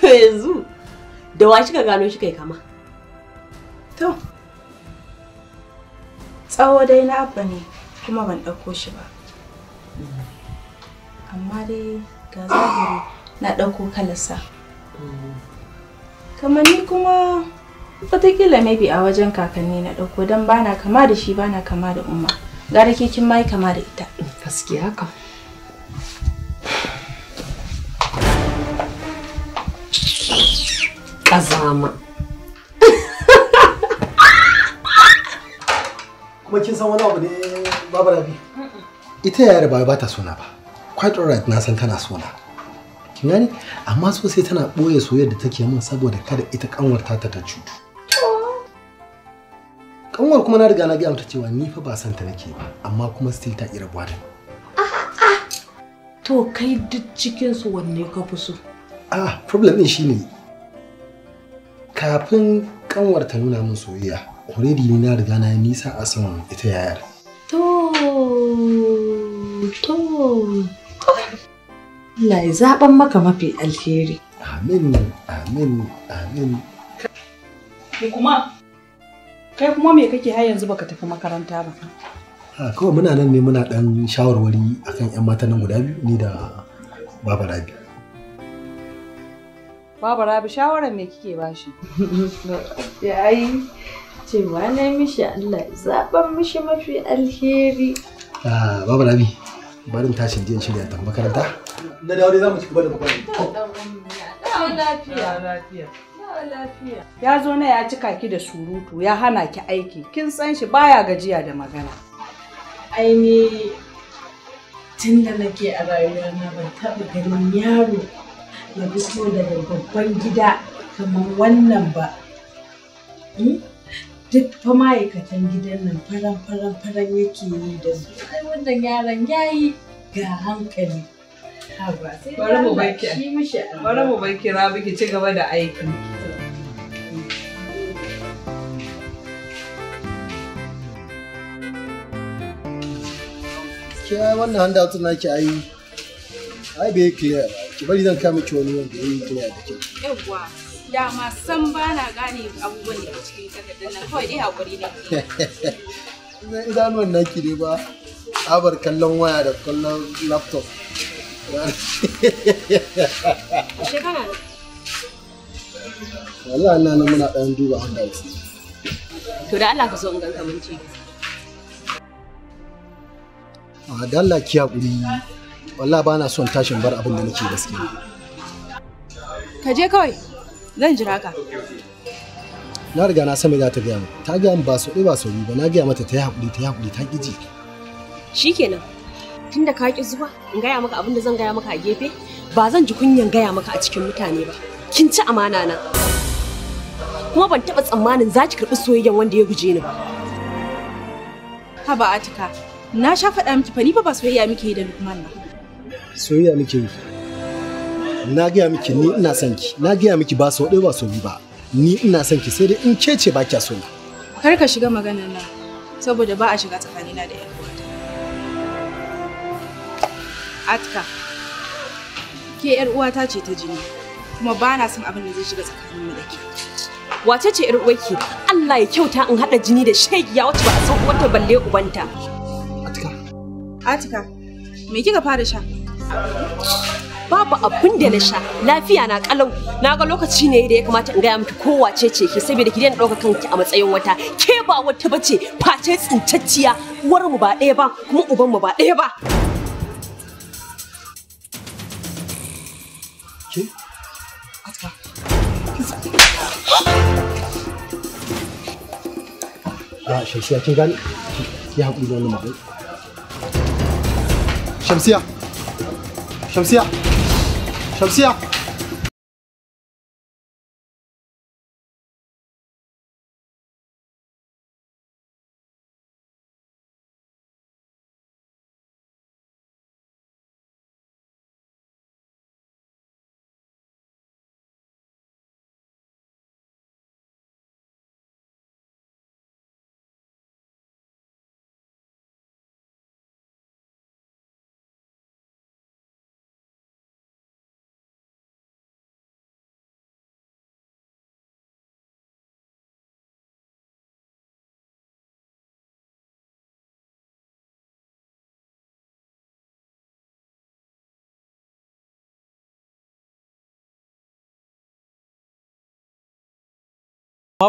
to yanzu da wa kika gano shi kai kama to tsawo dai na abba ne kuma ban ɗauko shi ba amma dai ga zahiri na ɗauko kalarsa kamar ni kuma wataƙila maybe a wajen kakanni na ɗauko don bana kama da shi bana kama da umma gara ke kin mai kama da ita gaskiya kam Kazama. kuma kin san wani abu ne babu rabi ita yayar ba ba ta sona ba quite right na san tana sona kin gani amma so sai tana boye soyayya da take min saboda kada ita kanwar ta ta cutu kanwar kuma na riga na gaya mata cewa ni fa ba san ta nake ba amma kuma still ta ira buwa ah, ah, ah. to kai duk cikin su wanne ka fi so ah problem din shine kafin kanwar ta nuna min soyayya already ni na riga na nisa a son ita yayar to to Allah ya zaban maka mafi alheri amin amin amin ni kuma kai kuma me kake har yanzu baka tafi makaranta ba ha kawai muna nan ne muna dan shawarwari akan yan mata nan guda biyu ni da baba rabi Baba Rabi shawarar me kike bashi? Yayi cewa ne mishi Allah zaban mishi mafi alheri. Ah, Baba Rabi, barin tashin jiyan shirya ta makaranta. Na dawo dai za mu ci gaba da magana. Dawo lafiya. lafiya. Ya zo na ya cika ki da surutu ya hana ki aiki kin san shi baya gajiya da magana. Aini tun da nake a rayuwa na ban taɓa ganin yaro ya fito daga babban gida kamar wannan ba hmm? duk fa ma'aikatan gidan nan faran faran faran yake yi da su ai wannan ya yayi ga hankali bari mu baki bari mu baki rabi ki ci gaba da aiki ke wannan handa tana ki ai ai bai clear ki bari zan kama ki wani wanda ya yi kina da kyau yawwa ma san ba na gane abubuwan da ke cikin takardar nan kawai dai hakuri ne idan idanuwan naki ne ba abar kallon waya da kallon laptop shekara wallahi Allah nan muna ɗan duba handa to da Allah ka so in ganka mun ci a ah, dalla ki hakuri wallah ba na son tashin bar abin da nake gaskiya ka je kawai zan jira ka na riga na sami za ta gaya mu ta gaya mu ba su ba su ba na gaya mata ta yi haƙuri ta yi haƙuri ta ƙi ji shikenan tunda ka ƙi zuwa in gaya maka abin da zan gaya maka a gefe ba zan ji kunyan gaya maka a cikin mutane ba kin ci amana na kuma ban taɓa tsammanin za ki karɓi soyayyen wanda ya guje ni ba haba atika na sha faɗa miki fa ni fa ba soyayya muke yi da lukman ba soyayya nake yi na gaya miki ni ina son ki na gaya miki ba so ɗaya ba so ba ni ina son ki sai dai in ke ce ba kya so ni kar ka shiga magana na saboda ba a shiga tsakanina da yan'uwa uwata atka ke yar uwata ce ta jini kuma ba na son abin da zai shiga tsakaninmu da ke wace ce yar uwarki Allah ya kyauta in hada jini da shegiya wacce ba a san uwarta balle ubanta atka atika me kika fara sha babu abin da na sha lafiya na kalau na ga lokaci ne da ya kamata in gaya miki ko wace ce ke saboda ki daina ɗaukar kanki a matsayin wata ke ba wata bace face tsintacciya uwar mu ba ɗaya ba kuma uban mu ba ɗaya ba ke shamsiya Chamsir Chamsir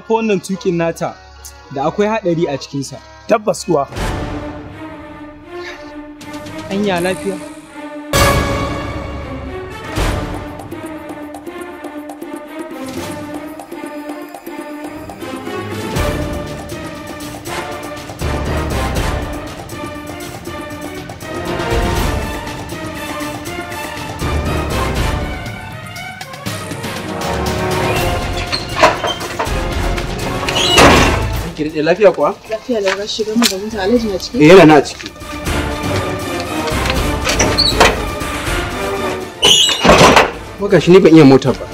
fafa wannan tukin nata da akwai haɗari a cikinsa. Tabbas kuwa. Anya lafiya. Eh lafiya kuwa? Lafiya da rashi mu da mutu alaji na ciki. Eh yana na ciki. Maka shi ni ban iya mota ba.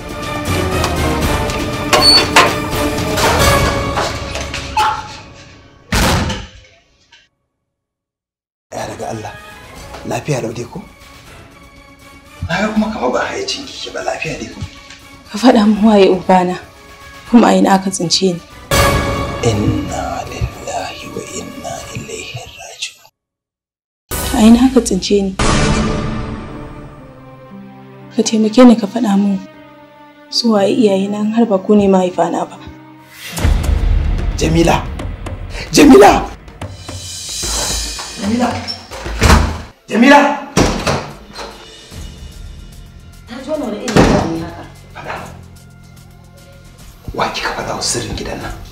Ya daga Allah. Lafiya da dai ko? Na kuma kama ba hayacin ki ba lafiya dai ko? Ka faɗa mu waye ubana kuma a ina aka tsince ni. inna lillahi wa inna ilaihi raji'un a ina haka tsince ni ka taimake ni ka faɗa min su waye iyayena har ba ku ne mahaifana ba jamila jamila jamila jamila ta tona faɗa wa kika faɗa sirrin gidan nan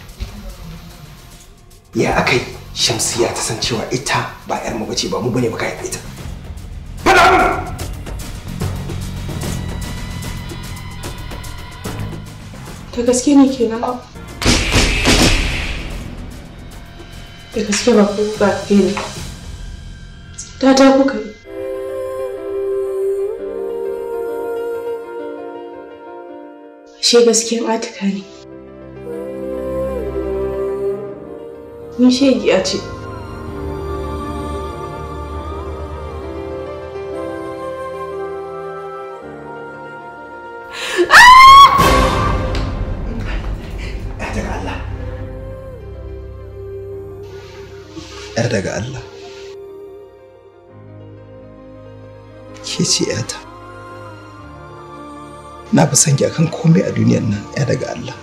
ya akai shamsiya ta san cewa ita ba yar mu bace ba mu bane baka ita fada mun ta gaske ne kenan ba da gaske ba ku ba ke ne ta ta kuka yi shi gaskiyan atika ne ni shegiya ce ah! ‘yar daga Allah. Ke ce ‘yata. Na fi son ki komai a duniyar nan ‘ya daga Allah.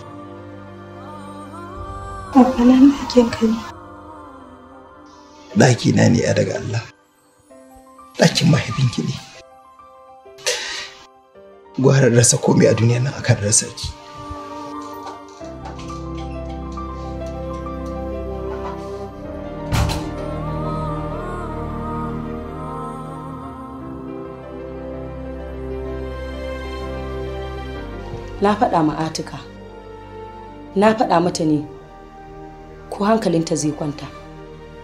Babana na hakin ka ɗaki na ne daga Allah ɗakin mahaifinki ne gwara rasa komai a duniya nan akan rasa ki na faɗa ma atika na faɗa mata ne ko hankalinta zai kwanta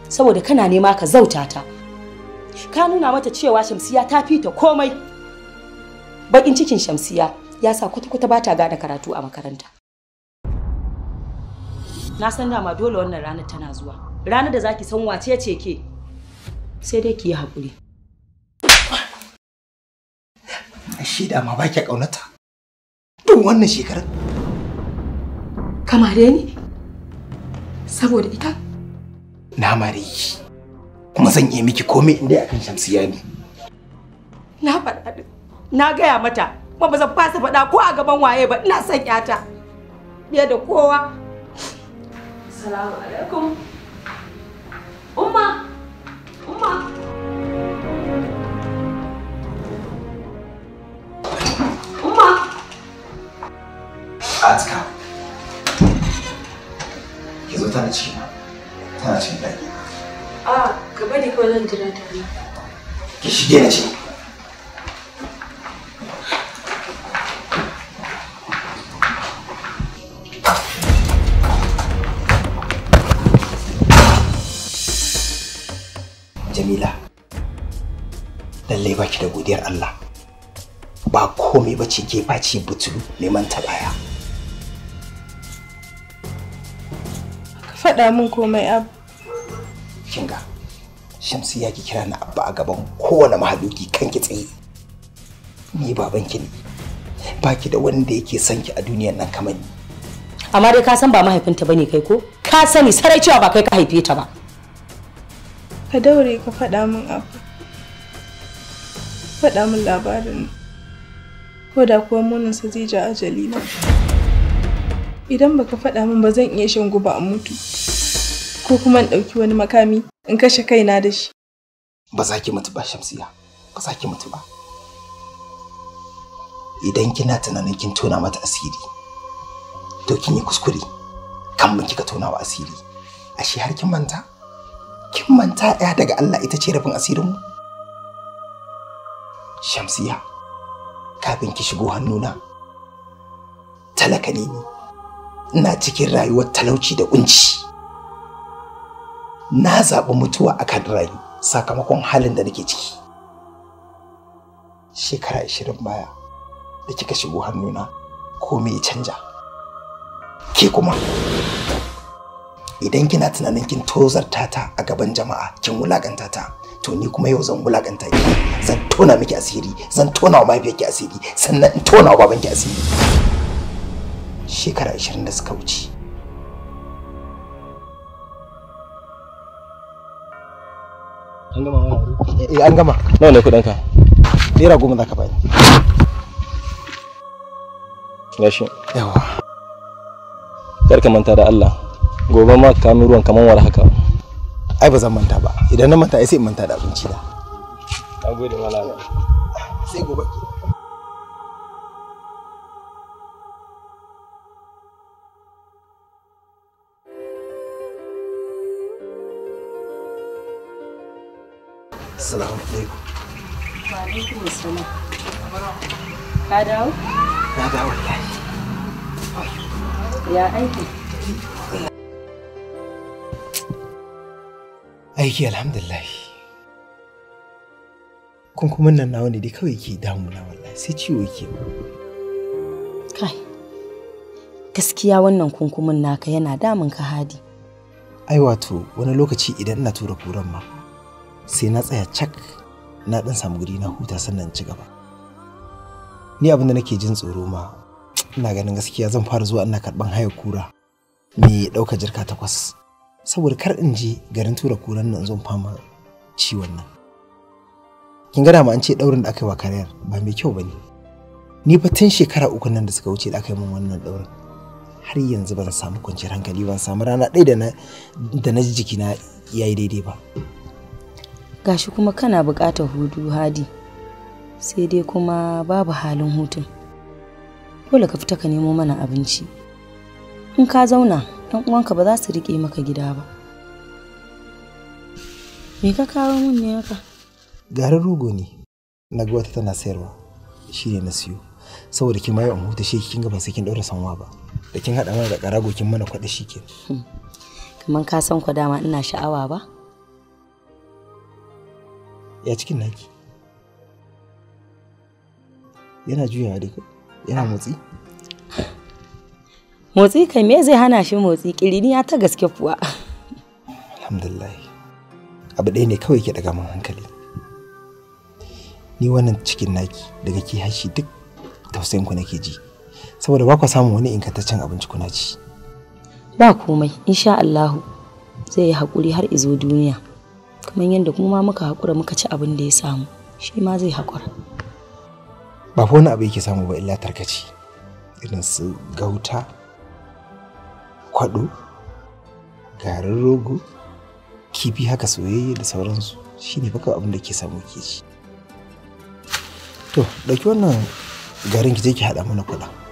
saboda kana nema ka zauta ta ka nuna mata cewa shamsiya ta fita komai bakin cikin shamsiya ya sa kwata-kwata ba ta gane karatu a makaranta na san dama dole wannan ranar tana zuwa ranar da zaki san wace ce ke sai dai ki yi haƙuri shi dama ba ki ƙaunata duk wannan shekarar kamar ni saboda ita na mare ki kuma zan yi miki komai in dai akan shamsiya ne na faɗa na gaya mata kuma ba zan fasa faɗa ko a gaban waye ba ina son yata biya da kowa salamu alaikum umma kuwa zan jira ta ne. Ki shige na ce. Jamila, lallai baki da godiyar Allah. Ba komai ba ce ke ce butulu neman ta baya. Ka faɗa min komai abu. Kinga. shamsi ya ki kira ni abba a gaban kowane mahaluki kan ki tsaye ni babanki ne ba ki da wanda yake son ki a duniyar nan kamar ni amma dai ka san ba mahaifinta bane kai ko ka sani sarai cewa ba kai ka haife ta ba ka daure ka faɗa min abu faɗa min labarin ko da kuwa muninsa zai ja ajali na idan baka faɗa min ba zan iya shan guba a mutu ko kuma in ɗauki wani makami in kashe kaina da shi. Ba za ki mutu ba Shamsiya, ba za ki mutu ba. Idan kina tunanin kin tona mata asiri, to kin yi kuskure, kan mun kika tona wa asiri. Ashe har kin manta? Kin manta ɗaya daga Allah ita ce rabin asirinmu? Shamsiya, kafin ki shigo hannuna, talaka ne ni. Ina cikin rayuwar talauci da kunci. na zaɓi mutuwa a kan rayu sakamakon halin da nake ciki shekara ishirin baya da kika shigo hannuna ko me canja ke kuma idan kina tunanin kin tozarta ta a gaban jama'a kin wulakanta ta to ni kuma yau zan wulakanta ki zan tona miki asiri zan tona wa mahaifiyarki asiri sannan in tona wa babanki asiri shekara ashirin da suka wuce an gama wani eh an gama nawa ne kuɗin ka naira goma zaka bani gashi yawa kar ka manta da Allah gobe ma ka ruwan kaman war haka ai ba zan manta ba idan na manta ai sai in manta da abinci da nagode malama sai gobe Assalamu alaikum. Wa alaikum assalam. Ka dawo? Na dawo Ya aiki? Aiki alhamdulillah. Kun kuma nan nawa ne dai kawai ke damuna wallahi sai ciwo ke. Kai. Gaskiya wannan kunkumin naka yana damun ka hadi. Ai wato wani lokaci idan ina tura kuran ma sai na tsaya cak na ɗan samu guri na huta sannan ci gaba ni abin da nake jin tsoro ma ina ganin gaskiya zan fara zuwa ina karɓan haya kura me ɗauka jirka takwas saboda kar in je garin tura kuran nan zan fama ciwon nan kin gada ma an ce ɗaurin da aka yi wa kariyar ba mai kyau ba ne ni fa tun shekara uku nan da suka wuce da aka yi min wannan ɗaurin har yanzu ban samu kwanciyar hankali ban samu rana ɗaya da na ji jikina ya yi daidai ba gashi kuma kana bukatar hudu hadi sai dai kuma babu halin hutun dole ka fita ka nemo mana abinci in ka zauna yan uwanka ba za su riƙe maka gida ba me ka kawo mun ne haka garin rugo ne na ga wata tana sayarwa shi ne na siyo saboda kin mayo in huta shi kin ga ban sai kin daura sanwa ba da kin haɗa mana da ƙarago kin mana kwaɗa shi ke hmm. kamar ka san kwa dama ina sha'awa ba ya cikin naki yana juyawa da yana motsi motsi kai me zai hana shi motsi ya ta gaske kuwa alhamdulillah abu ɗaya ne kawai ke daga min hankali ni wannan cikin naki daga ke hashi duk tausayin ku nake ji saboda ba ku samun wani ingantaccen abinci kuna ci ba komai insha Allahu zai yi haƙuri har izo duniya kamar yadda kuma muka haƙura muka ci abin da ya samu shi ma zai haƙura ba fa wani abu yake samu ba illa tarkaci irin su gauta kwaɗo garin rogo kifi haka soyayye da sauransu shi ne baka abin da ke samu ke ci to ɗauki wannan garin ki je ki haɗa mana kuɗa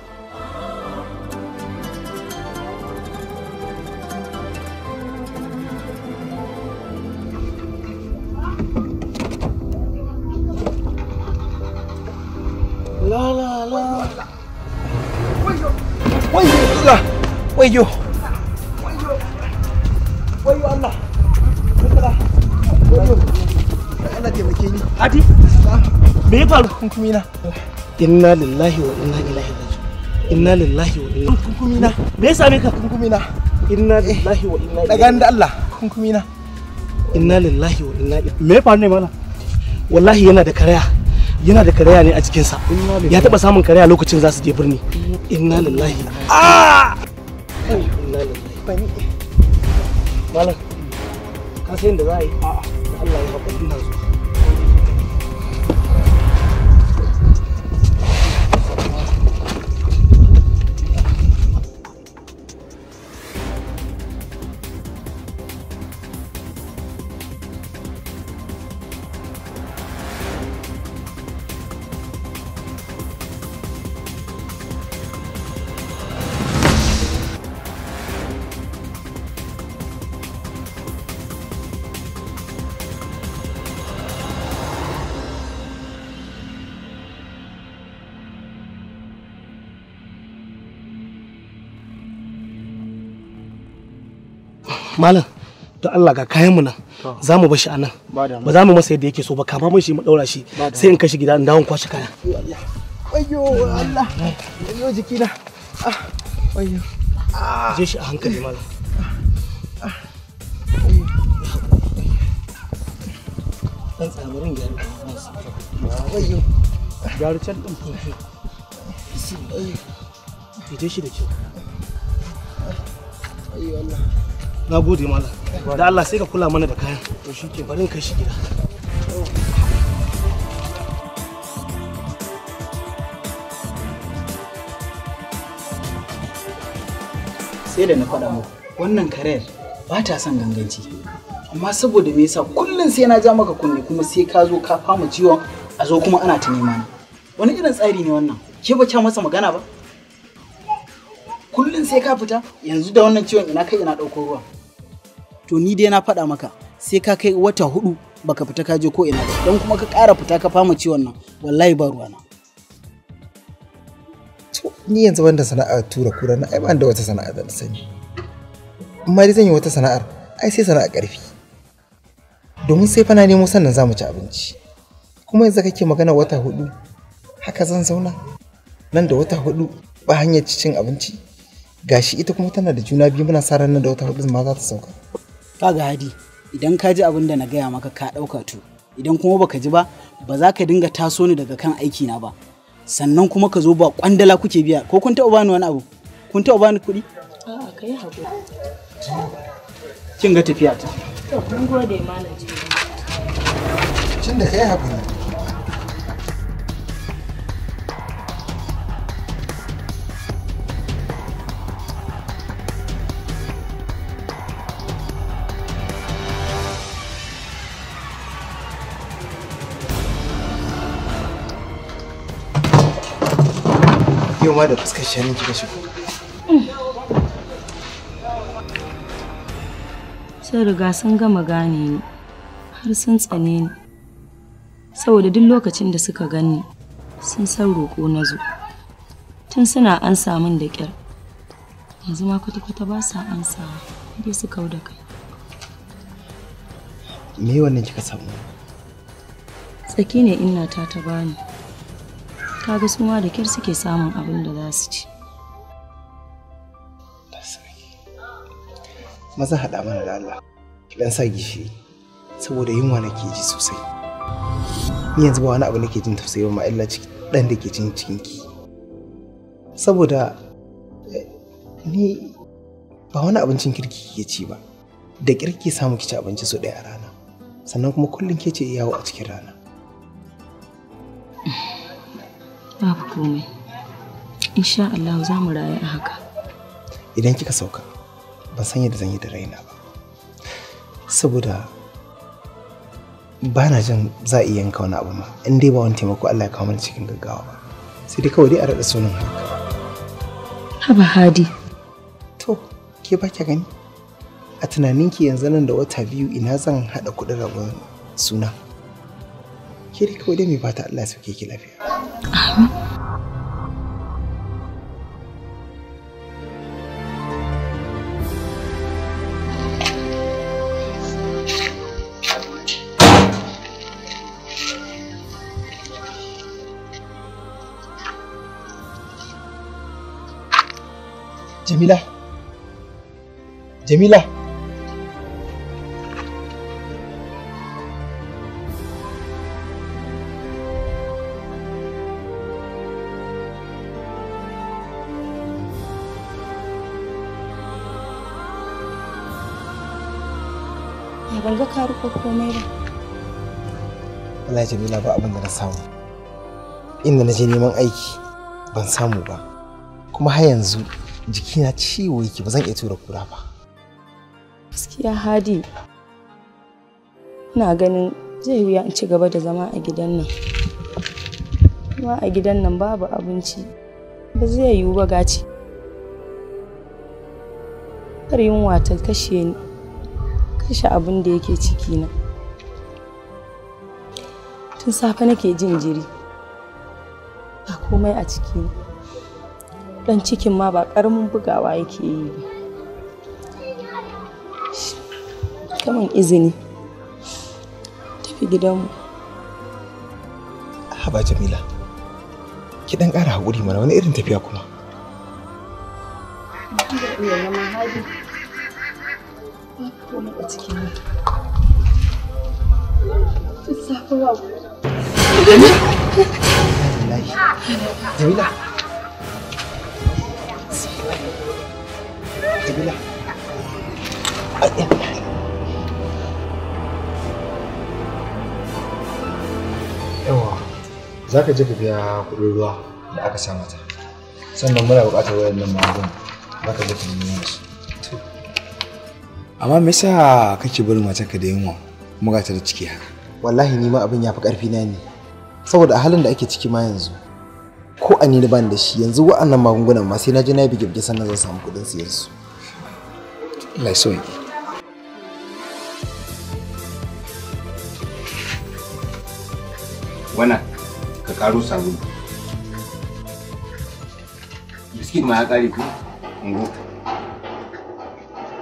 wayo wayo wayo Allah wayo Allah taimake ni adi ah. me ya faru kunkumi na inna lillahi wa inna ilaihi raji'un inna lillahi wa inna kunkumi na me ya same ka kunkumi na inna eh, lillahi wa inna daga da Allah kunkumi na inna lillahi wa inna ilaihi me ya faru ne mana wallahi yana da karaya yana da karaya ne a sa, ya taba samun karaya lokacin za su je birni inna lillahi ah! clean the guy. -uh. malam da Allah ga kayan mu nan za mu bashi a nan ba za mu masa yadda yake so ba kama mun shi mu daura shi sai in kashi gida in dawo kwashi kaya ayyo Allah ayyo jiki jikina ah, ayyo ah. je shi a hankali malam dan tsamarin gyaru ayyo gyaru can din shi ayyo je shi da kyau ayyo Allah na gode mana da Allah sai ka kula mana da kayan to shi ke barin kai shi gida sai da na faɗa wannan karer ba ta son ganganci amma saboda me yasa kullum sai na ja maka kunne kuma sai ka zo ka fama ciwon a zo kuma ana ta nema ni wani irin tsari ne wannan ke ba kya masa magana ba kullum sai ka fita yanzu da wannan ciwon ina kai ina ɗauko ruwa to ni dai na faɗa maka sai ka kai wata hudu baka fita ka je ko ina ba don kuma ka ƙara fita ka fama ciwon nan wallahi ba ruwana ni yanzu wanda sana'ar tura kura na ai ban da wata sana'a da sani amma dai zan yi wata sana'ar ai sai sana'a ƙarfi domin sai fa na nemo sannan za mu ci abinci kuma yanzu kake magana wata hudu haka zan zauna nan da wata hudu ba hanyar cin abinci gashi ita kuma tana da juna biyu muna sa ran nan da wata hudu ma za ta sauka ga hadi idan ka ji abin da na gaya maka ka ɗauka to idan kuma baka ji ba ba za ka dinga taso ni daga kan aiki na ba sannan kuma ka zo ba kwandala kuke biya ko kun taɓa bani wani abu kun taɓa bani kuɗi a'a kai hako kin ga tafiya ta kun gode malaji jini da kai hakuri ma da fuskar shanin kika shigo. Sun riga sun gama gane ni har sun tsane ni. Saboda duk lokacin da suka gani sun san roƙo na zo. Tun suna an min da ƙyar. Yanzu ma kwata-kwata ba sa ansawa dai su kau da kai. Me wannan kika samu? Tsaki ne inna ta ta bani. kaga su ma da kyar suke samun abin da za su ci maza haɗa mana da Allah ki sa gishiri saboda yunwa nake ji sosai ni yanzu ba wani abu nake jin tausayi ba illa ciki ɗan da ke jin cikin ki saboda eh, ni ba wani abincin kirki ke ci ba da kirki samu ki ci abinci so ɗaya a rana sannan kuma kullum ke ce yawo a cikin rana Babu komai. Insha Allah za mu rayu a haka. Idan kika sauka, ban san yadda zan yi da raina ba. Saboda ba na jin za a iya yanka wani abu ma, in dai ba wani taimako Allah ya kawo mana cikin gaggawa ba. Sai dai kawai dai a raɗa sunan haka. Haba Hadi. To, ke ba ki gani? A tunaninki yanzu nan da wata biyu ina zan haɗa kuɗin rabon suna. Ke dai kawai dai mai fata Allah ya sauke ki lafiya. Jamilah. Jamilah. Ya ban ga komai ba. Wallahi Jamila ba abin da na samu. Inda na je neman aiki ban samu ba. Kuma har yanzu jikina ciwo yake ba zan iya tura kura ba. Gaskiya Hadi ina ganin zai wuya in ci gaba da zama a gidan nan. Kuma a gidan nan babu abinci ba zai yiwu ba gaci. Kar yunwa ta kashe ni. kashe abin da yake cikina tun safe nake jin jiri ba komai a ciki dan cikin ma ba karamin bugawa yake yi ba kaman izini tafi gidanmu haba jamila ki dan kara haƙuri mana wani irin tafiya kuma iya zama Jamila! Jamila! Yawa, za ka je ka biya kuɗin ruwa da aka sa mata. Sannan muna buƙatar wayar nan ma'azin, za ka je ka nemi su. amma me yasa kake barin ka da yunwa kuma ta da ciki haka wallahi ni ma abin ya fi karfi na ne saboda a halin da ake ciki ma yanzu ko a ni da ban da shi yanzu wa'annan magungunan ma sai na je na bi gibje sannan zan samu kuɗin siyan su Allah so wannan ka karo sabulu biskit ma ya kare ku ngo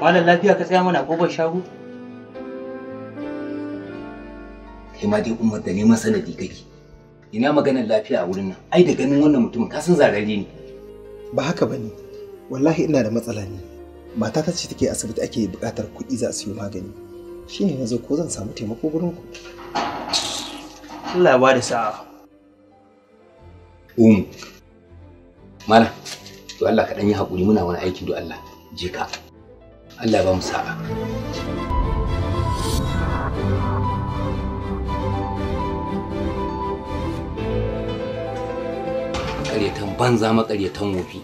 Malam lafiya ka tsaya mana kofar shago? Kai ma dai umar da neman sanadi kake. Ina maganar lafiya a wurin nan. Ai da ganin wannan mutumin ka san zarare ne. Ba haka ba ne, Wallahi ina da matsala ne. Mata ta ce take asibiti ake buƙatar kuɗi za su yi magani. Shi ne zo ko zan samu taimako gurin ku. Allah ya ba sa'a. Um. Malam, to Allah ka ɗan yi haƙuri muna wani aikin do Allah. Je ka. Allah ba mu sa'a ƙaryatan banza maƙaryatan wofi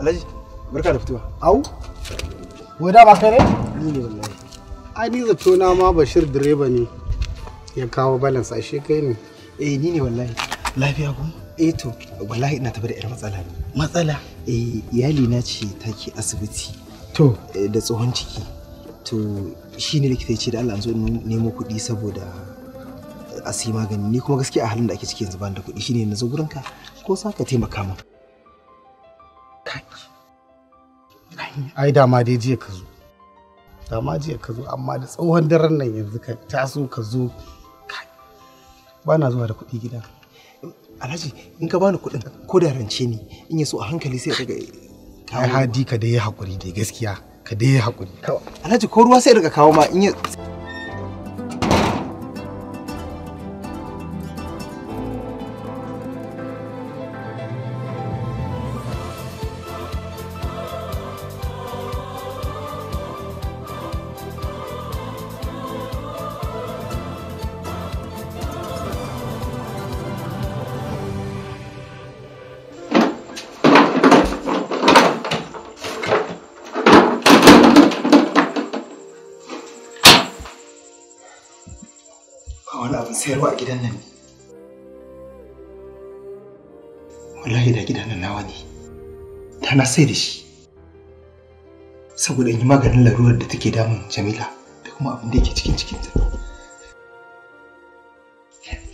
Alhaji, barka da fitowa. Au, wai da ba kai ne? Ni ne wallahi. Ai ni zato na ma Bashir direba ne ya kawo balance ashe kai ne. Eh ni ne wallahi. Lafiya kuma? eh to wallahi ina tafi da matsala ne matsala eh iyali na ce take asibiti to eh, da tsohon ciki to shine likita ce da Allah an zo nemo kuɗi saboda a sai magani ni kuma gaskiya a halin da ake ciki yanzu ban da kuɗi shine na zo gurin ka ko sa ka taimaka min ai dama dai jiya ka zo dama jiya ka zo amma da tsohon daren nan yanzu ka taso ka zo ba na zuwa da kuɗi gida alhaji in ka bani kuɗin ko da rance ni in ya so a hankali sai ka ga ai hadi ka dai hakuri dai gaskiya ka dai hakuri alhaji ko ruwa sai daga kawo ma in ya na sai da shi saboda in yi maganin larurar da take damun jamila da kuma abin da yake cikin cikinta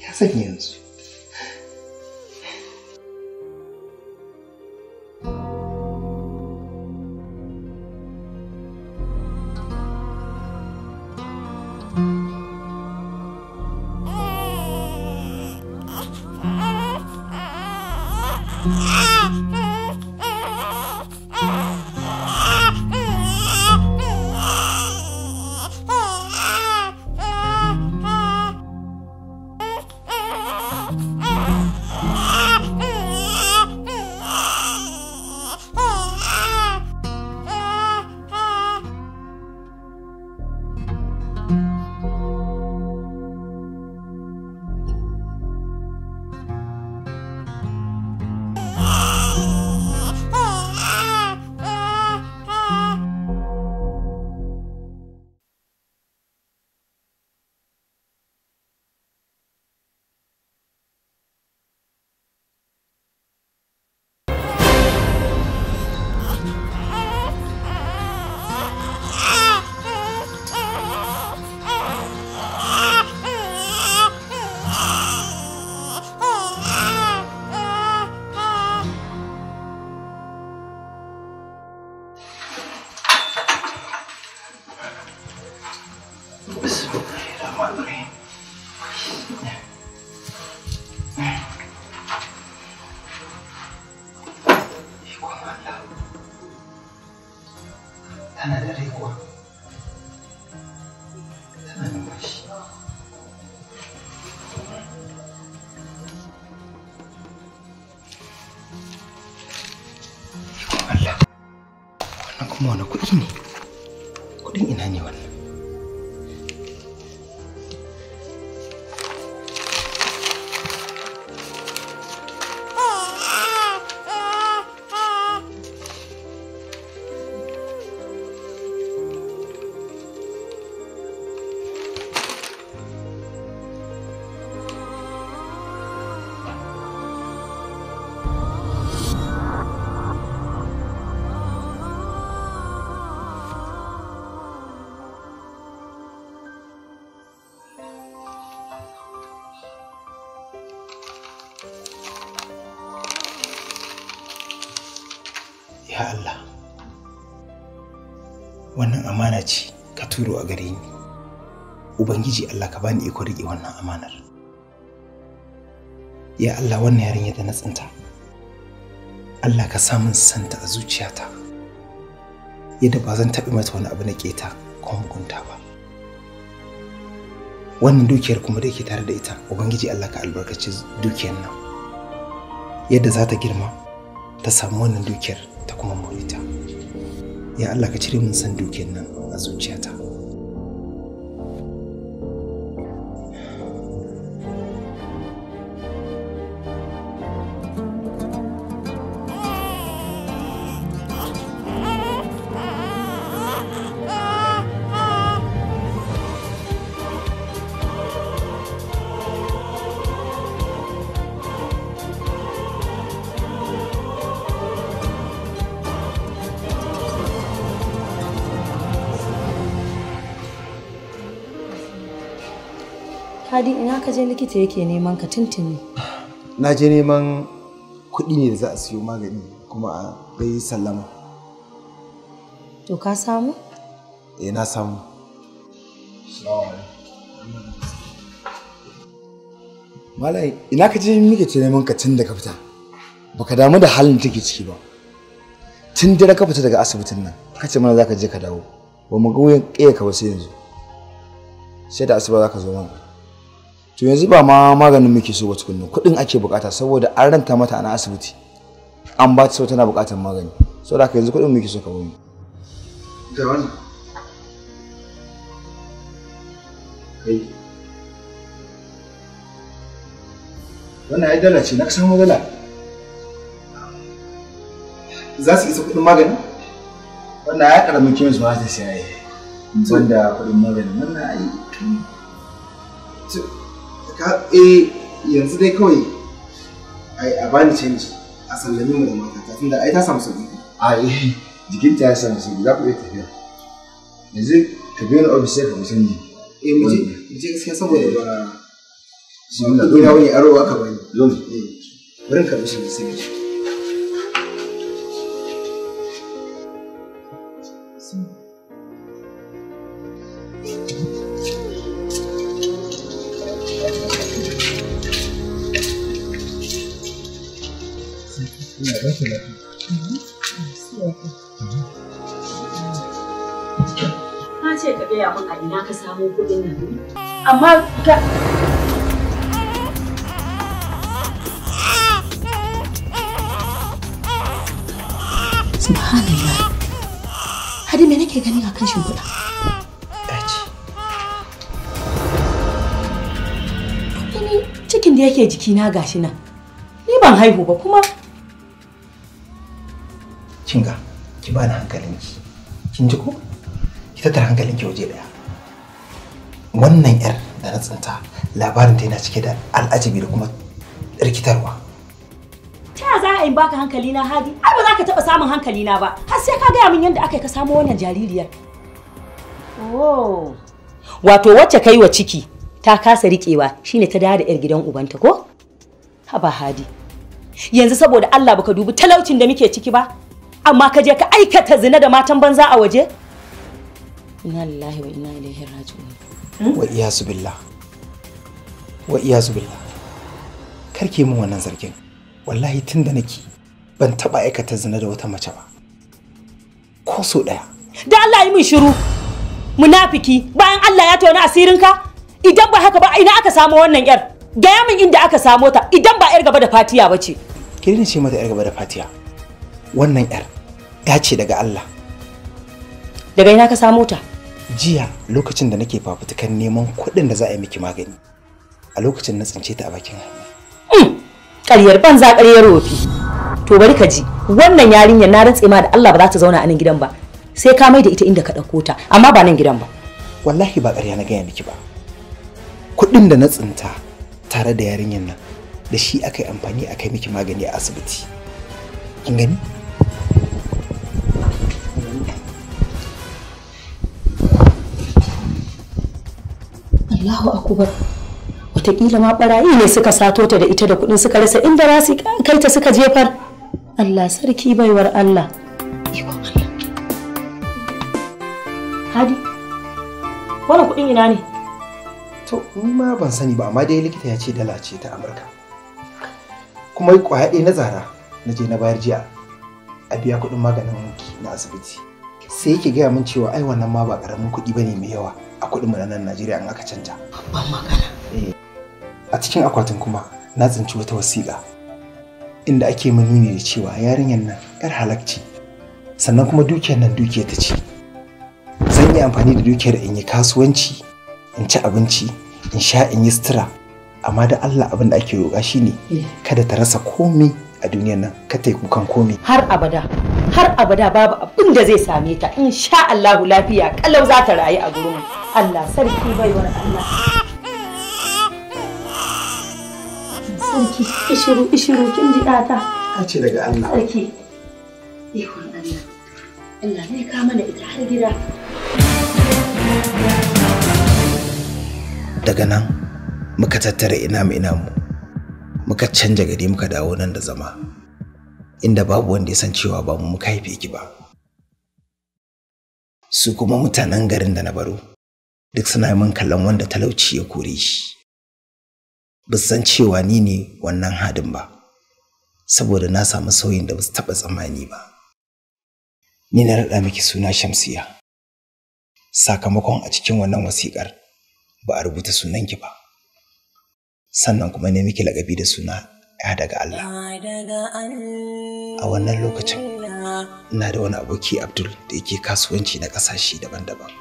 ya sanya yanzu turo a gare ni ubangiji Allah ka bani iko rike wannan amanar ya Allah wannan yarinya da na tsinta Allah ka sa samun santa a zuciyata yadda ba zan taɓa mata wani abu na keta ko mugunta ba wannan dukiyar kuma da yake tare da ita ubangiji Allah ka albarkaci dukiyar nan yadda za ta girma ta samu wannan dukiyar ta kuma morita ya Allah ka cire min san dukiyar nan a zuciyata Hadi ina ka je likita yake neman ka tuntuni. Na je neman kuɗi ne da za a siyo magani kuma a dai sallama. To ka samu? Eh na samu. Malai ina ka je muke ce neman ka tun da ka fita. Baka damu da halin take ciki ba. Tun dare ka fita daga asibitin nan ka ce mana za ka je ka dawo. Ba mu ga wuyan ƙeya ba sai yanzu. Sai da asuba za ka zo mana. to yanzu ba ma maganin muke so ba tukunna kuɗin ake bukata saboda an ranta mata a asibiti an ba ta so tana bukatar magani saboda haka yanzu kuɗin muke so ka bani ga wannan kai wannan ai dala ce na samu dala za su isa kuɗin magani wannan ya karamin kimin su ta siya wanda kuɗin magani wannan ai ka eh, yanzu dai kawai ai a bani canji a sallami mu da matata tunda ai ta samu sauki a yi, eh, jikinta ya samu sauki za ku iya tafiya yanzu ka biyo na ofis sai ka musan eh mu je eh. mu je gaskiya saboda ba shi ne wani aro aka bani zo mu eh bari ka mishi sai mu ina ka samu kuɗin nan amma ka Subhanallah. Hadi me nake gani a kan shimfiɗa? Daji. Ni cikin da yake jikina gashi nan. Ni ban haihu ba kuma. Cinga, ki bani hankalinki. Kin ji ko? Ki tattara hankalinki waje daya. wannan yar da na tsinta labarin ta yana cike da al'ajabi da kuma rikitarwa ta za a yi baka hankali na hadi ai ba za ka taba samun hankali na ba har sai ka gaya min yadda aka ka samo wannan jaririyar oh wato wacce kai wa ciki ta kasa riƙewa shine ta dawo da yar gidan ubanta ko haba hadi yanzu saboda Allah baka dubi talaucin da muke ciki ba amma ka je ka aikata zina da matan banza a waje inna lillahi wa inna ilaihi raji'un Hmm? wa karke min wannan zargin wallahi tun da nake ban taba aikata zina da wata mace ba ko so daya da Allah yi min shiru munafiki bayan Allah ya asirin ka idan ba haka ba ina aka samu wannan yar gaya min inda aka samu ta idan ba yar gaba da fatiya ba ce ki ce mata yar gaba da fatiya wannan yar ya ce daga Allah daga ina ka samo ta jiya lokacin da nake fafutukan neman kuɗin da za a yi miki magani a lokacin na tsince ta a bakin hanya hmm, ƙaryar banza ƙaryar rofi to bari ka ji wannan yarinyar na rantse ma da Allah ba za ta zauna a nan gidan ba sai ka mai da ita inda ka ɗauko ta amma ba nan gidan ba wallahi ba ƙarya na gaya miki ba kuɗin da na tsinta tare da yarinyar nan da shi aka yi amfani aka yi miki magani a asibiti kin gani Allahu akubar watakila ma barayi ne suka sato ta da ita da kuɗin suka rasa inda za su kai ta suka jefar Allah sarki baiwar Allah ikon Allah Hadi wala kuɗin ina ne to ni ma ban sani ba amma dai likita ya ce dala ce ta Amurka kuma kwaya ɗaya na zara na je na bayar jiya a biya kuɗin maganin na asibiti sai yake gaya min cewa ai wannan ma ba karamin kuɗi bane mai yawa a kuɗin mu na nan Najeriya in aka canja babban magana eh. a cikin akwatin kuma na tsinci wata wasiƙa inda ake min nuni da cewa yarinyar nan yar halakci sannan kuma dukiyar nan dukiyar ta ci. zan yi amfani da dukiyar in yi kasuwanci in ci abinci in sha in yi sutura amma da Allah abin da ake roƙa shine eh. kada ta rasa komi a duniyar nan ka ta kukan komi. har abada har abada babu abin da zai same ta sha Allahu lafiya kalau za ta rayu a gurin Allah sarki baiwar Allah sarki ishiru ishiru kin ji ka ce daga Allah sarki ikon Allah Allah ka mana ita har gida daga nan muka tattara ina mu ina mu muka canja gari muka dawo nan da zama inda babu wanda ya san cewa ba mu muka haife ki ba su kuma mutanen garin da na baro duk suna min kallon wanda talauci ya kore shi ba san cewa ni ne wannan hadin ba saboda na samu sauyin da ba su taɓa tsammani ba ni na raɗa miki suna shamsiya sakamakon a cikin wannan wasiƙar ba a rubuta sunanki ba sannan kuma ne miki lakabi da suna ya daga Allah a wannan lokacin ina da wani aboki Abdul da yake kasuwanci na kasashe daban-daban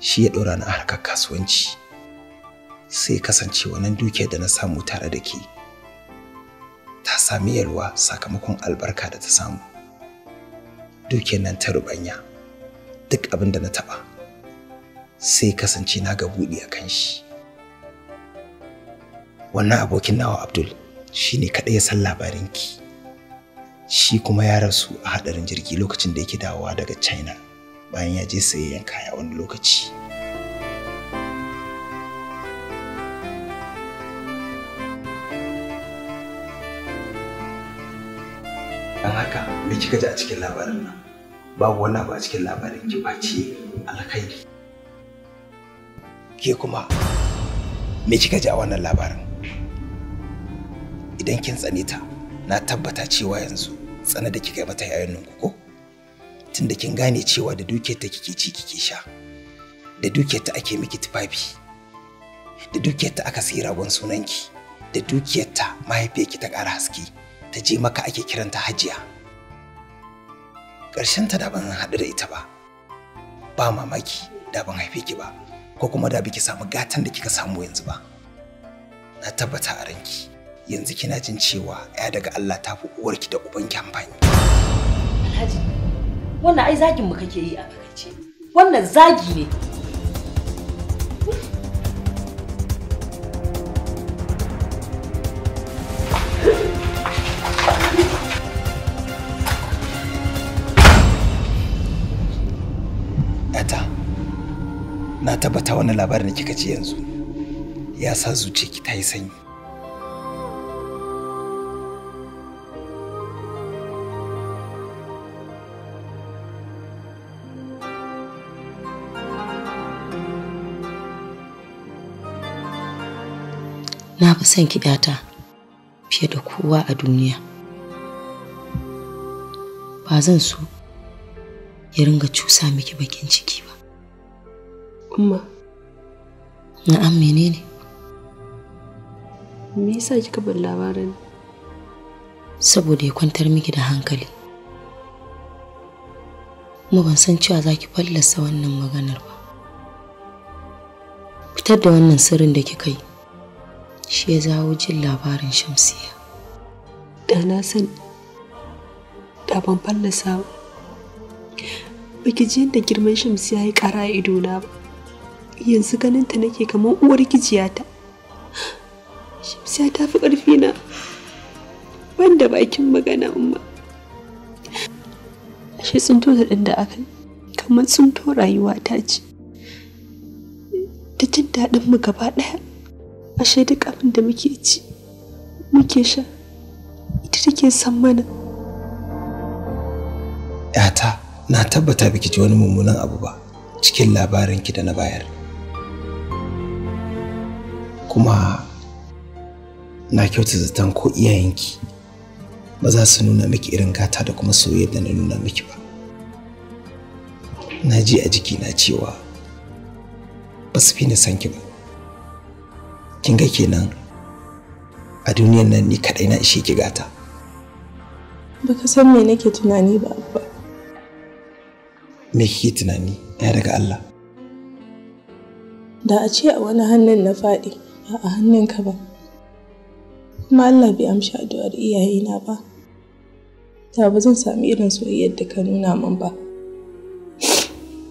shi ya ɗora na harkar kasuwanci sai kasance wannan dukiyar da na samu tare da ke ta sami yalwa sakamakon albarka da ta samu dukiyar nan ta rubanya duk abin da na taɓa sai kasance na ga buɗi a kan shi wannan abokin nawa abdul shi ne kaɗai ya san ki. shi kuma ya rasu a haɗarin jirgi lokacin da yake dawowa daga china bayan ya je yanka kaya wani lokaci dan haka me kika ji a cikin labarin nan babu wani abu a cikin labarin ki ce alkhairi ke kuma me kika ji a wannan labarin idan kin tsane ta na tabbata cewa yanzu tsana da kika mata yayin nan ko tunda kin gane cewa da duke ta kike ci kike sha da duke ta ake miki tufafi da duke ta aka sayi ragon sunanki da dukiyar ta mahaifiyarki ta ƙara haske ta je maka ake kiranta hajiya ƙarshen ta da ban haɗu da ita ba ba mamaki da ban haife ki ba ko kuma da biki samu gatan da kika samu yanzu ba na tabbata a ranki yanzu kina jin cewa ya daga Allah ta fi uwarki da ubanki amfani. Alhaji, wannan ai zagin mu kake yi a kakaice. Wannan zagi ne. Yata, na tabbata wannan labarin da kika ci yanzu ya sa zuciyarki ta yi sanyi. na fi son ki ta fiye da kowa a duniya ba zan so ya ringa cusa miki bakin ciki ba umma na'am menene me yasa kika bar labarin saboda ya kwantar miki da hankali kuma ban san cewa za ki fallasa wannan maganar ba fitar da wannan sirrin da kika yi shi ya zawo jin labarin shamsiya da na san da ban fallasa ba baki ji yadda girman shamsiya ya kara a idona ba yanzu ganin ta nake kamar uwar gijiyata shamsiya ta fi ƙarfi na wanda bakin magana amma ashe tsinto da ɗin da aka kamar tsinto rayuwa ta ce ta jin daɗinmu mu gaba ɗaya ashe duk abin da muke ci muke sha ita take san mana yata na tabbata biki ji wani mummunan abu ba cikin labarin ki da na bayar kuma na kyauta zaton ko iyayenki ba za su nuna miki irin gata da kuma soyayya da na nuna miki ba na ji a na cewa ba su fi ni sanki ba kin kenan a duniyan nan ni kadai na ishe ki gata baka san me nake tunani ba abba me kike tunani ya daga Allah da a ce a wani hannun na faɗi ba a hannunka ba kuma Allah bai amshi addu'ar iyayena ba ta ba zan sami irin soyayyar da ka nuna min ba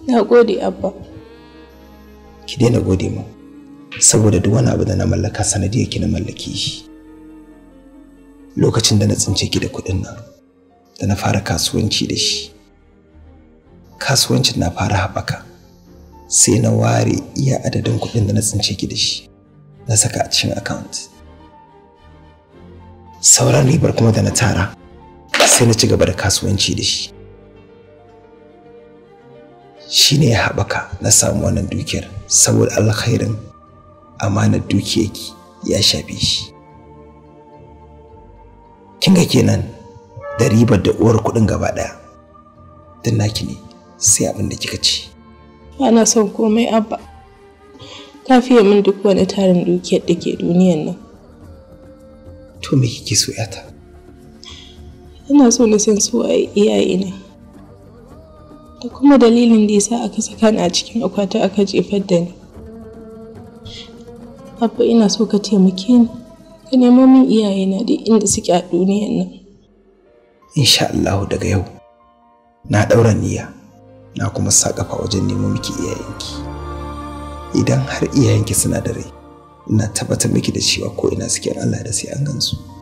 na gode abba ki daina gode min saboda duk wani abu da na mallaka sanadi yake na mallaki shi lokacin da na tsince ki da kuɗin nan da na fara kasuwanci da shi kasuwancin na fara haɓaka sai na ware iya adadin kuɗin da na tsince ki da shi na saka a cikin account sauran ribar kuma da na tara sai na ci gaba da kasuwanci da shi shi ne ya haɓaka na samu wannan dukiyar saboda alkhairin amanar dukiyarki ya shafe shi kin ga kenan da ribar da uwar kuɗin gaba ɗaya don naki ne sai abin da kika ci Ana son komai abba ta fiye min duk wani tarin dukiyar da ke duniyar nan to me kike so yata ina so na san su waye iyayena da kuma dalilin da yasa aka saka ni a cikin akwati aka jefar da ni abba ina so ka taimake ni ka nemo min iyaye na da inda suke a duniyan nan insha Allah daga yau na daura niyya na kuma sa kafa wajen nemo miki iyayenki idan har iyayenki suna da rai ina tabbatar miki da cewa ko ina suke Allah da sai an gansu.